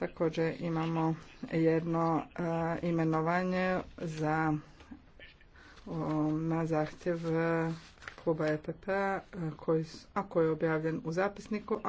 Također imamo jedno e, imenovanje za na zahtjev e, kluba EPP-a, e, a koji je objavljen u zapisniku, a